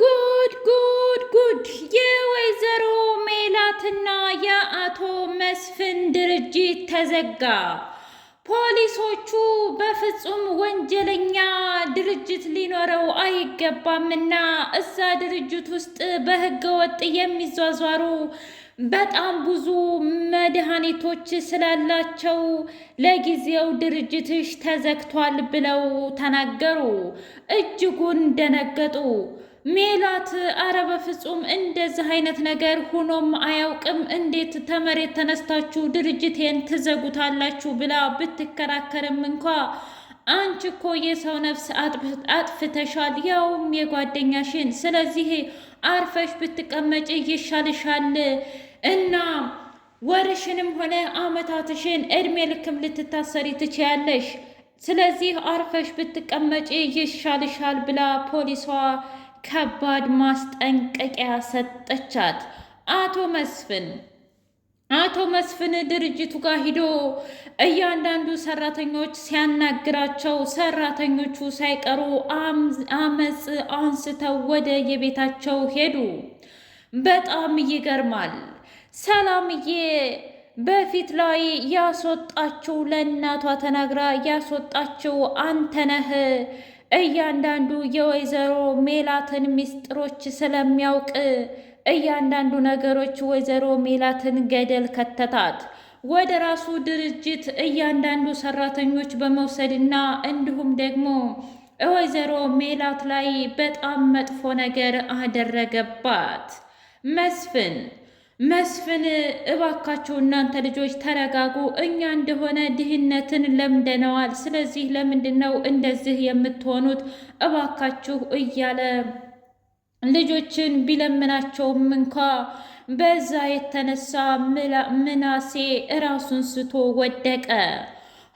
ጉድ ጉድ ጉድ! የወይዘሮ ሜላትና የአቶ መስፍን ድርጅት ተዘጋ። ፖሊሶቹ በፍጹም ወንጀለኛ ድርጅት ሊኖረው አይገባምና እዛ ድርጅት ውስጥ በሕገ ወጥ የሚዟዟሩ በጣም ብዙ መድኃኒቶች ስላላቸው ለጊዜው ድርጅትሽ ተዘግቷል ብለው ተናገሩ። እጅጉን ደነገጡ። ሜላት አረ በፍጹም እንደዚህ አይነት ነገር ሆኖም አያውቅም፣ እንዴት ተመሬት ተነስታችሁ ድርጅቴን ትዘጉታላችሁ ብላ ብትከራከርም እንኳ አንቺ እኮ የሰው ነፍስ አጥፍተሻል፣ ያውም የጓደኛሽን። ስለዚህ አርፈሽ ብትቀመጭ ይሻልሻል እና ወርሽንም ሆነ አመታትሽን እድሜ ልክም ልትታሰሪ ትችያለሽ። ስለዚህ አርፈሽ ብትቀመጭ ይሻልሻል ብላ ፖሊሷ ከባድ ማስጠንቀቂያ ሰጠቻት። አቶ መስፍን አቶ መስፍን ድርጅቱ ጋር ሂዶ እያንዳንዱ ሰራተኞች ሲያናግራቸው ሰራተኞቹ ሳይቀሩ አመፅ አንስተው ወደ የቤታቸው ሄዱ። በጣም ይገርማል። ሰላምዬ በፊት ላይ ያስወጣችው ለእናቷ ተናግራ ያስወጣችው አንተነህ እያንዳንዱ የወይዘሮ ሜላትን ሚስጥሮች ስለሚያውቅ እያንዳንዱ ነገሮች ወይዘሮ ሜላትን ገደል ከተታት። ወደ ራሱ ድርጅት እያንዳንዱ ሰራተኞች በመውሰድና እንዲሁም ደግሞ ወይዘሮ ሜላት ላይ በጣም መጥፎ ነገር አደረገባት መስፍን መስፍን እባካችሁ እናንተ ልጆች ተረጋጉ። እኛ እንደሆነ ድህነትን ለምደነዋል። ስለዚህ ለምንድን ነው እንደዚህ የምትሆኑት? እባካችሁ እያለ ልጆችን ቢለምናቸውም እንኳ በዛ የተነሳ ምናሴ እራሱን ስቶ ወደቀ።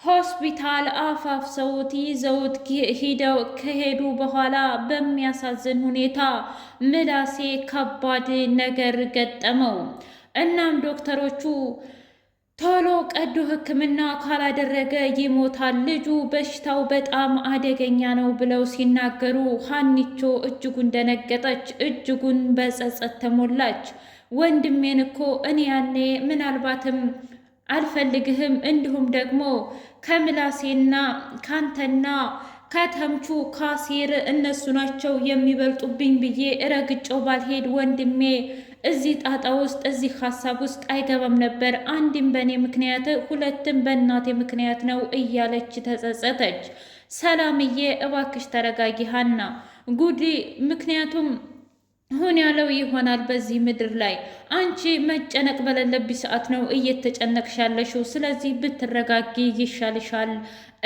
ሆስፒታል አፋፍሰውት ይዘውት ሂደው ከሄዱ በኋላ በሚያሳዝን ሁኔታ ምላሴ ከባድ ነገር ገጠመው። እናም ዶክተሮቹ ቶሎ ቀዶ ሕክምና ካላደረገ ይሞታል፣ ልጁ በሽታው በጣም አደገኛ ነው ብለው ሲናገሩ ሀኒቾ እጅጉን ደነገጠች፣ እጅጉን በጸጸት ተሞላች። ወንድሜን እኮ እኔ ያኔ ምናልባትም አልፈልግህም እንዲሁም ደግሞ ከምላሴና ካንተና ከተምቹ ካሴር እነሱ ናቸው የሚበልጡብኝ ብዬ እረግጨው ባልሄድ ወንድሜ እዚህ ጣጣ ውስጥ እዚህ ሀሳብ ውስጥ አይገባም ነበር። አንድም በእኔ ምክንያት ሁለትም በእናቴ ምክንያት ነው እያለች ተጸጸተች። ሰላምዬ እባክሽ ተረጋጊ ሀና ጉዲ ምክንያቱም ሁን ያለው ይሆናል በዚህ ምድር ላይ አንቺ መጨነቅ በሌለብሽ ሰዓት ነው እየተጨነቅሽ ያለሽው። ስለዚህ ብትረጋጊ ይሻልሻል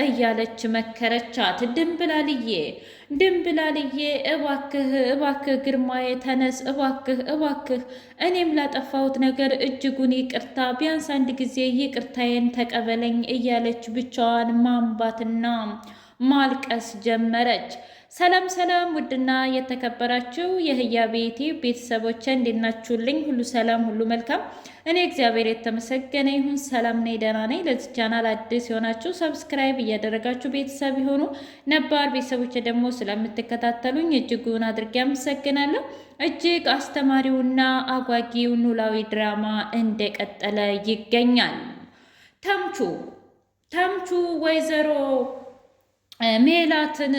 እያለች መከረቻት። ድንብላልዬ ድንብላልዬ፣ እባክህ እባክህ ግርማዬ ተነስ፣ እባክህ እባክህ፣ እኔም ላጠፋሁት ነገር እጅጉን ይቅርታ፣ ቢያንስ አንድ ጊዜ ይቅርታዬን ተቀበለኝ እያለች ብቻዋን ማንባትና ማልቀስ ጀመረች። ሰላም ሰላም፣ ውድና የተከበራችሁ የህያ ቤቴ ቤተሰቦች እንዴናችሁልኝ? ሁሉ ሰላም፣ ሁሉ መልካም። እኔ እግዚአብሔር የተመሰገነ ይሁን ሰላም ነኝ፣ ደህና ነኝ። ለዚህ ቻናል አዲስ የሆናችሁ ሰብስክራይብ እያደረጋችሁ ቤተሰብ የሆኑ ነባር ቤተሰቦች ደግሞ ስለምትከታተሉኝ እጅጉን አድርጌ አመሰግናለሁ። እጅግ አስተማሪውና አጓጊው ኖላዊ ድራማ እንደቀጠለ ይገኛል። ተምቹ ተምቹ ወይዘሮ ሜላትን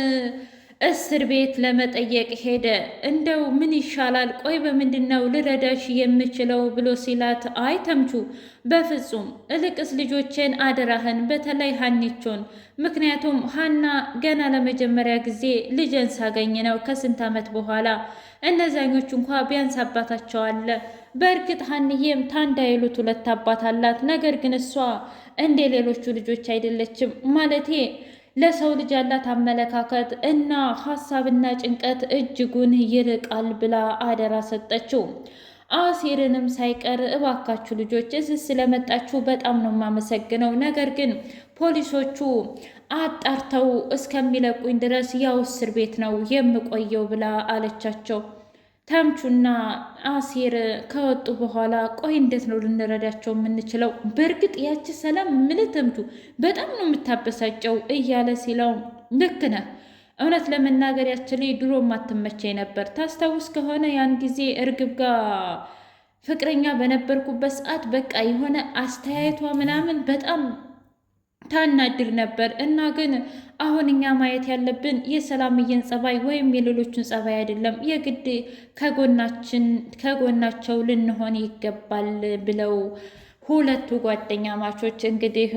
እስር ቤት ለመጠየቅ ሄደ። እንደው ምን ይሻላል? ቆይ በምንድን ነው ልረዳሽ የምችለው ብሎ ሲላት፣ አይ ተምቹ፣ በፍጹም እልቅስ ልጆቼን አደራህን፣ በተለይ ሀኒቾን። ምክንያቱም ሀና ገና ለመጀመሪያ ጊዜ ልጅን ሳገኝ ነው ከስንት ዓመት በኋላ። እነዛኞቹ እንኳ ቢያንስ አባታቸው አለ። በእርግጥ ሀንዬም ታንዳ ይሉት ሁለት አባት አላት። ነገር ግን እሷ እንደ ሌሎቹ ልጆች አይደለችም ማለቴ ለሰው ልጅ ያላት አመለካከት እና ሀሳብና ጭንቀት እጅጉን ይርቃል ብላ አደራ ሰጠችው። አሲርንም ሳይቀር እባካችሁ ልጆች እዚህ ስለመጣችሁ በጣም ነው የማመሰግነው። ነገር ግን ፖሊሶቹ አጣርተው እስከሚለቁኝ ድረስ ያው እስር ቤት ነው የምቆየው ብላ አለቻቸው። ተምቹና አሴር ከወጡ በኋላ ቆይ እንዴት ነው ልንረዳቸው የምንችለው? በእርግጥ ያቺ ሰላም ምን ተምቹ በጣም ነው የምታበሳጨው እያለ ሲለው ልክ ነህ፣ እውነት ለመናገር ያችል ድሮ ማትመቸኝ ነበር። ታስታውስ ከሆነ ያን ጊዜ እርግብ ጋር ፍቅረኛ በነበርኩበት ሰዓት በቃ የሆነ አስተያየቷ ምናምን በጣም ታናድር ነበር እና ግን አሁን እኛ ማየት ያለብን የሰላምዬን ጸባይ ወይም የሌሎችን ጸባይ አይደለም፣ የግድ ከጎናችን ከጎናቸው ልንሆን ይገባል ብለው ሁለቱ ጓደኛ ማቾች እንግዲህ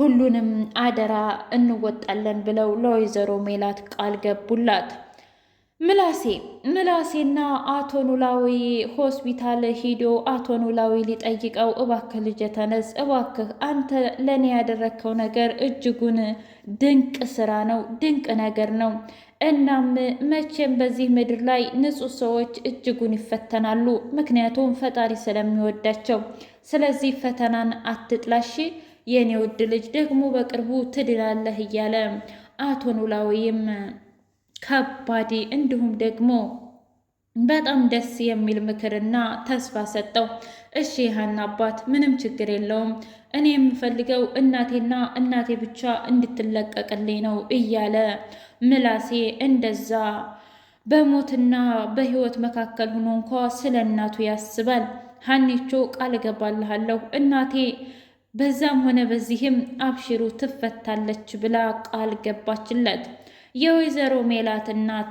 ሁሉንም አደራ እንወጣለን ብለው ለወይዘሮ ሜላት ቃል ገቡላት። ምላሴ ምላሴና አቶ ኖላዊ ሆስፒታል ሂዶ አቶ ኖላዊ ሊጠይቀው እባክህ ልጄ ተነስ፣ እባክህ አንተ ለእኔ ያደረግከው ነገር እጅጉን ድንቅ ስራ ነው፣ ድንቅ ነገር ነው። እናም መቼም በዚህ ምድር ላይ ንጹህ ሰዎች እጅጉን ይፈተናሉ፣ ምክንያቱም ፈጣሪ ስለሚወዳቸው። ስለዚህ ፈተናን አትጥላሽ የእኔ ውድ ልጅ፣ ደግሞ በቅርቡ ትድላለህ እያለ አቶ ኖላዊም ከባዴ እንዲሁም ደግሞ በጣም ደስ የሚል ምክርና ተስፋ ሰጠው። እሺ ይህን አባት ምንም ችግር የለውም፣ እኔ የምፈልገው እናቴና እናቴ ብቻ እንድትለቀቅልኝ ነው እያለ ምላሴ እንደዛ በሞትና በሕይወት መካከል ሆኖ እንኳ ስለ እናቱ ያስባል። ሀኒቾ ቃል እገባልሃለሁ እናቴ በዛም ሆነ በዚህም አብሽሩ ትፈታለች ብላ ቃል ገባችለት። የወይዘሮ ሜላት እናት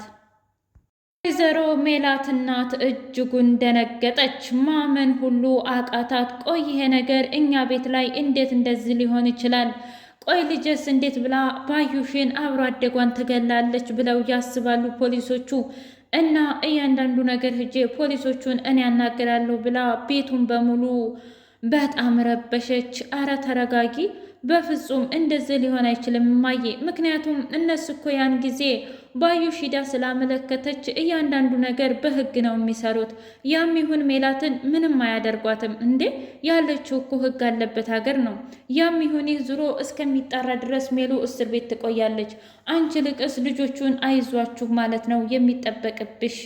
ወይዘሮ ሜላት እናት እጅጉን ደነገጠች። ማመን ሁሉ አቃታት። ቆይ ይሄ ነገር እኛ ቤት ላይ እንዴት እንደዚህ ሊሆን ይችላል? ቆይ ልጄስ እንዴት ብላ ባዩሽን አብሮ አደጓን ትገላለች ብለው ያስባሉ ፖሊሶቹ እና እያንዳንዱ ነገር ሂጄ ፖሊሶቹን እኔ ያናግራለሁ ብላ ቤቱን በሙሉ በጣም ረበሸች። አረ ተረጋጊ በፍጹም እንደዚህ ሊሆን አይችልም ማየ ምክንያቱም እነሱ እኮ ያን ጊዜ ባዩሽ ሂዳ ስላመለከተች እያንዳንዱ ነገር በህግ ነው የሚሰሩት። ያም ይሁን ሜላትን ምንም አያደርጓትም እንዴ ያለችው እኮ ህግ አለበት ሀገር ነው። ያም ይሁን ይህ ዙሮ እስከሚጣራ ድረስ ሜሉ እስር ቤት ትቆያለች። አንቺ ልቅስ ልጆቹን አይዟችሁ ማለት ነው የሚጠበቅብሽ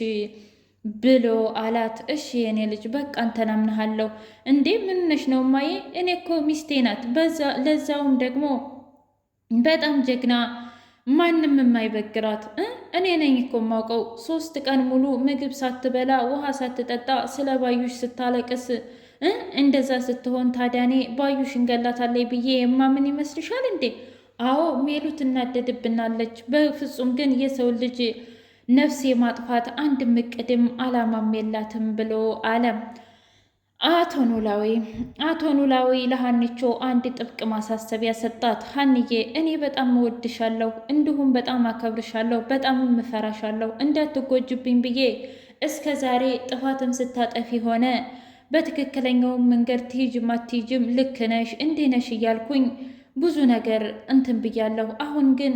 ብሎ አላት። እሺ የኔ ልጅ በቃ እንተናምናሃለሁ። እንዴ ምንነሽ ነው ማዬ? እኔ እኮ ሚስቴ ናት። ለዛውም ደግሞ በጣም ጀግና፣ ማንም የማይበግራት እኔ ነኝ እኮ የማውቀው። ሶስት ቀን ሙሉ ምግብ ሳትበላ ውሃ ሳትጠጣ ስለ ባዩሽ ስታለቅስ እንደዛ ስትሆን ታዲያኔ ባዩሽ እንገላታለይ ብዬ የማምን ይመስልሻል እንዴ? አዎ ሜሉ ትናደድብናለች። በፍጹም ግን የሰው ልጅ ነፍስ የማጥፋት አንድም እቅድም አላማም የላትም ብሎ አለ አቶ ኖላዊ። አቶ ኖላዊ ለሀንቾ አንድ ጥብቅ ማሳሰቢያ ሰጣት። ሀንዬ እኔ በጣም እወድሻለሁ፣ እንዲሁም በጣም አከብርሻለሁ፣ በጣም እምፈራሻለሁ እንዳትጎጅብኝ ብዬ እስከ ዛሬ ጥፋትም ስታጠፊ ሆነ በትክክለኛው መንገድ ትሂጅም አትሂጅም ልክ ነሽ እንዲህ ነሽ እያልኩኝ ብዙ ነገር እንትን ብያለሁ። አሁን ግን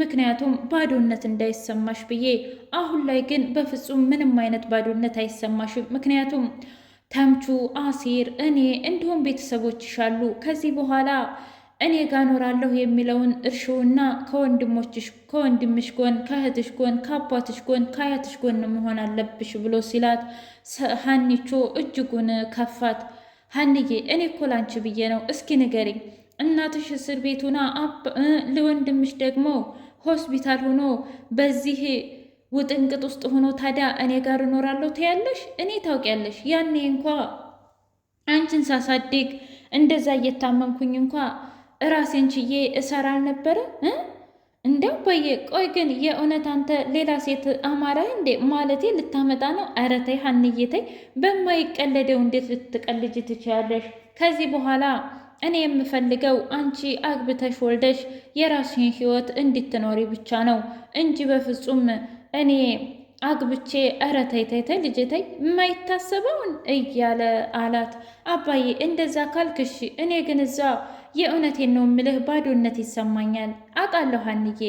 ምክንያቱም ባዶነት እንዳይሰማሽ ብዬ። አሁን ላይ ግን በፍጹም ምንም አይነት ባዶነት አይሰማሽም። ምክንያቱም ተምቹ፣ አሴር እኔ እንዲሁም ቤተሰቦችሽ አሉ። ከዚህ በኋላ እኔ ጋ የሚለውን እርሽውና ከወንድሞችሽ ከወንድምሽ ጎን ከእህትሽ ጎን ከአባትሽ ጎን ከአያትሽ ጎን መሆን አለብሽ ብሎ ሲላት ሀኒቾ እጅጉን ከፋት። ሀንዬ እኔ እኮ ላንቺ ብዬ ነው፣ እስኪ ንገሪኝ እናትሽ እስር ቤት ሆና ለወንድምሽ ደግሞ ሆስፒታል ሆኖ በዚህ ውጥንቅጥ ውስጥ ሆኖ ታዲያ እኔ ጋር እኖራለሁ ትያለሽ? እኔ ታውቂያለሽ፣ ያኔ እንኳ አንቺን ሳሳድግ እንደዛ እየታመምኩኝ እንኳ እራሴን ችዬ እሰራ አልነበረ እንደው በየ ቆይ ግን የእውነት አንተ ሌላ ሴት አማራ እንዴ? ማለቴ ልታመጣ ነው? ኧረ ተይ ሀንዬ ተይ። በማይቀለደው እንዴት ልትቀልጅ ትችያለሽ? ከዚህ በኋላ እኔ የምፈልገው አንቺ አግብተሽ ወልደሽ የራስሽን ህይወት እንድትኖሪ ብቻ ነው እንጂ በፍጹም እኔ አግብቼ እረ ተይ ተይ ተይ ልጄ ተይ የማይታሰበውን እያለ አላት። አባዬ እንደዛ ካልክሽ፣ እኔ ግን እዛ የእውነቴን ነው ምልህ ባዶነት ይሰማኛል። አውቃለሁ አንዬ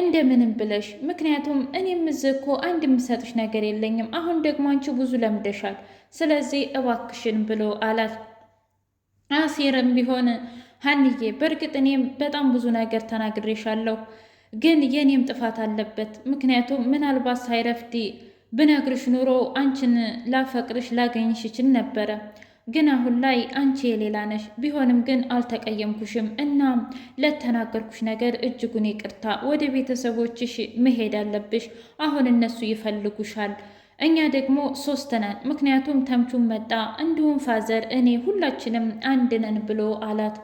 እንደምንም ብለሽ ምክንያቱም እኔም እዚህ እኮ አንድ የምሰጥሽ ነገር የለኝም። አሁን ደግሞ አንቺ ብዙ ለምደሻል። ስለዚህ እባክሽን ብሎ አላት። አሴርም ቢሆን ሀንዬ በእርግጥ እኔም በጣም ብዙ ነገር ተናግሬሻለሁ፣ ግን የእኔም ጥፋት አለበት። ምክንያቱም ምናልባት ሳይረፍድ ብነግርሽ ኑሮ አንቺን ላፈቅርሽ ላገኝሽ ይችል ነበረ። ግን አሁን ላይ አንቺ የሌላ ነሽ። ቢሆንም ግን አልተቀየምኩሽም እና ለተናገርኩሽ ነገር እጅጉን ይቅርታ። ወደ ቤተሰቦችሽ መሄድ አለብሽ። አሁን እነሱ ይፈልጉሻል። እኛ ደግሞ ሶስት ነን። ምክንያቱም ተምቹን መጣ እንዲሁም ፋዘር እኔ ሁላችንም አንድ ነን ብሎ አላት።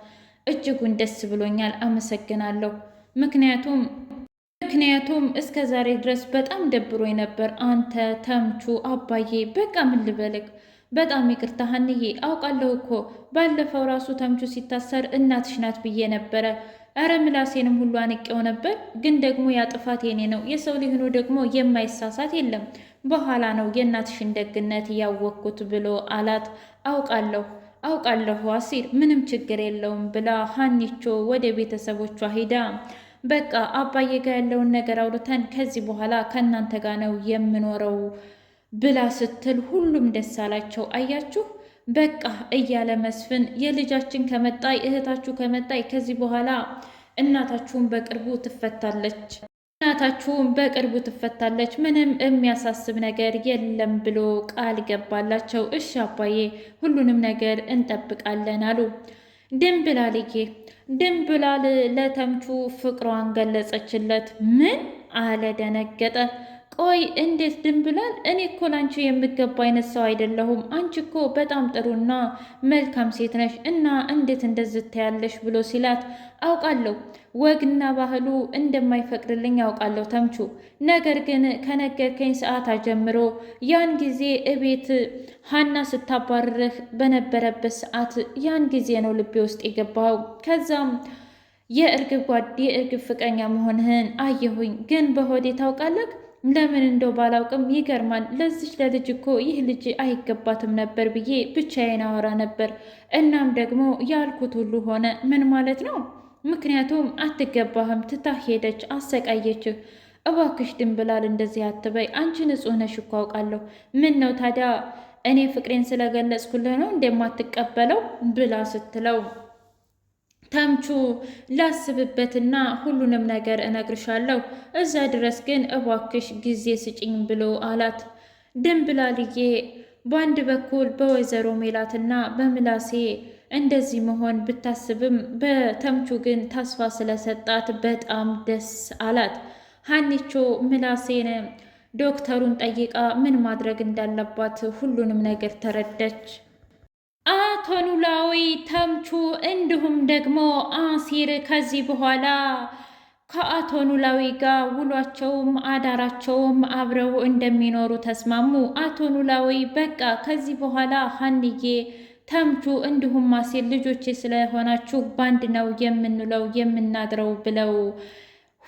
እጅጉን ደስ ብሎኛል፣ አመሰግናለሁ። ምክንያቱም ምክንያቱም እስከ ዛሬ ድረስ በጣም ደብሮኝ ነበር። አንተ ተምቹ፣ አባዬ በቃ ምን ልበልክ? በጣም ይቅርታ ሀንዬ፣ አውቃለሁ እኮ ባለፈው ራሱ ተምቹ ሲታሰር እናትሽ ናት ብዬ ነበረ። እረ ምላሴንም ሁሉ አንቄው ነበር። ግን ደግሞ ያ ጥፋት የኔ ነው። የሰው ሊሆኑ ደግሞ የማይሳሳት የለም በኋላ ነው የእናትሽን ደግነት ያወቅኩት ብሎ አላት። አውቃለሁ አውቃለሁ አሲር፣ ምንም ችግር የለውም ብላ ሀኒቾ ወደ ቤተሰቦቿ ሂዳ በቃ አባዬ ጋ ያለውን ነገር አውርተን ከዚህ በኋላ ከእናንተ ጋር ነው የምኖረው ብላ ስትል ሁሉም ደስ አላቸው። አያችሁ በቃ እያለ መስፍን የልጃችን ከመጣይ እህታችሁ ከመጣይ ከዚህ በኋላ እናታችሁን በቅርቡ ትፈታለች እናታችሁ በቅርቡ ትፈታለች፣ ምንም የሚያሳስብ ነገር የለም ብሎ ቃል ገባላቸው። እሺ አባዬ፣ ሁሉንም ነገር እንጠብቃለን አሉ። ድንብላልዬ ድንብላል ለተምቹ ፍቅሯን ገለጸችለት። ምን አለ? ደነገጠ። ቆይ እንዴት ድም ብላል? እኔ እኮ ላንቺ የምገባ አይነት ሰው አይደለሁም። አንቺ እኮ በጣም ጥሩና መልካም ሴት ነሽ እና እንዴት እንደዚህ ብሎ ሲላት አውቃለሁ ወግና ባህሉ እንደማይፈቅድልኝ አውቃለሁ ተምቹ። ነገር ግን ከነገርከኝ ሰዓት አጀምሮ ያን ጊዜ እቤት ሀና ስታባርርህ በነበረበት ሰዓት ያን ጊዜ ነው ልቤ ውስጥ የገባው ከዛም የእርግብ ጓድ የእርግብ ፍቅረኛ መሆንህን አየሁኝ። ግን በሆዴ ታውቃለህ ለምን እንደው ባላውቅም ይገርማል። ለዚች ለልጅ እኮ ይህ ልጅ አይገባትም ነበር ብዬ ብቻዬን አወራ ነበር። እናም ደግሞ ያልኩት ሁሉ ሆነ። ምን ማለት ነው? ምክንያቱም አትገባህም፣ ትታህ ሄደች፣ አሰቃየችህ። እባክሽ ድንብላል እንደዚህ አትበይ። አንቺ ንጹህ ነሽ እኮ አውቃለሁ። ምን ነው ታዲያ እኔ ፍቅሬን ስለገለጽኩልህ ነው እንደማትቀበለው ብላ ስትለው ተምቹ ላስብበትና ሁሉንም ነገር እነግርሻለሁ፣ እዛ ድረስ ግን እባክሽ ጊዜ ስጭኝ ብሎ አላት። ድንብላልዬ በአንድ በኩል በወይዘሮ ሜላትና በምላሴ እንደዚህ መሆን ብታስብም በተምቹ ግን ተስፋ ስለሰጣት በጣም ደስ አላት። ሀኒቾ ምላሴን ዶክተሩን ጠይቃ ምን ማድረግ እንዳለባት ሁሉንም ነገር ተረዳች። አቶ ኖላዊ ተምቹ እንዲሁም ደግሞ አሲር ከዚህ በኋላ ከአቶ ኖላዊ ጋር ውሏቸውም አዳራቸውም አብረው እንደሚኖሩ ተስማሙ። አቶ ኖላዊ በቃ ከዚህ በኋላ ሀንዬ ተምቹ እንዲሁም አሲር ልጆቼ ስለሆናችሁ ባንድ ነው የምንውለው የምናድረው ብለው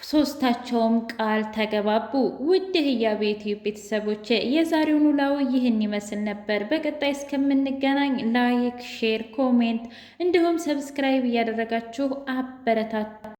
ሶስታቸውም ቃል ተገባቡ። ውድ ህያ የዩቲዩብ ቤተሰቦች የዛሬው ኖላዊ ይህን ይመስል ነበር። በቀጣይ እስከምንገናኝ ላይክ፣ ሼር፣ ኮሜንት እንዲሁም ሰብስክራይብ እያደረጋችሁ አበረታታ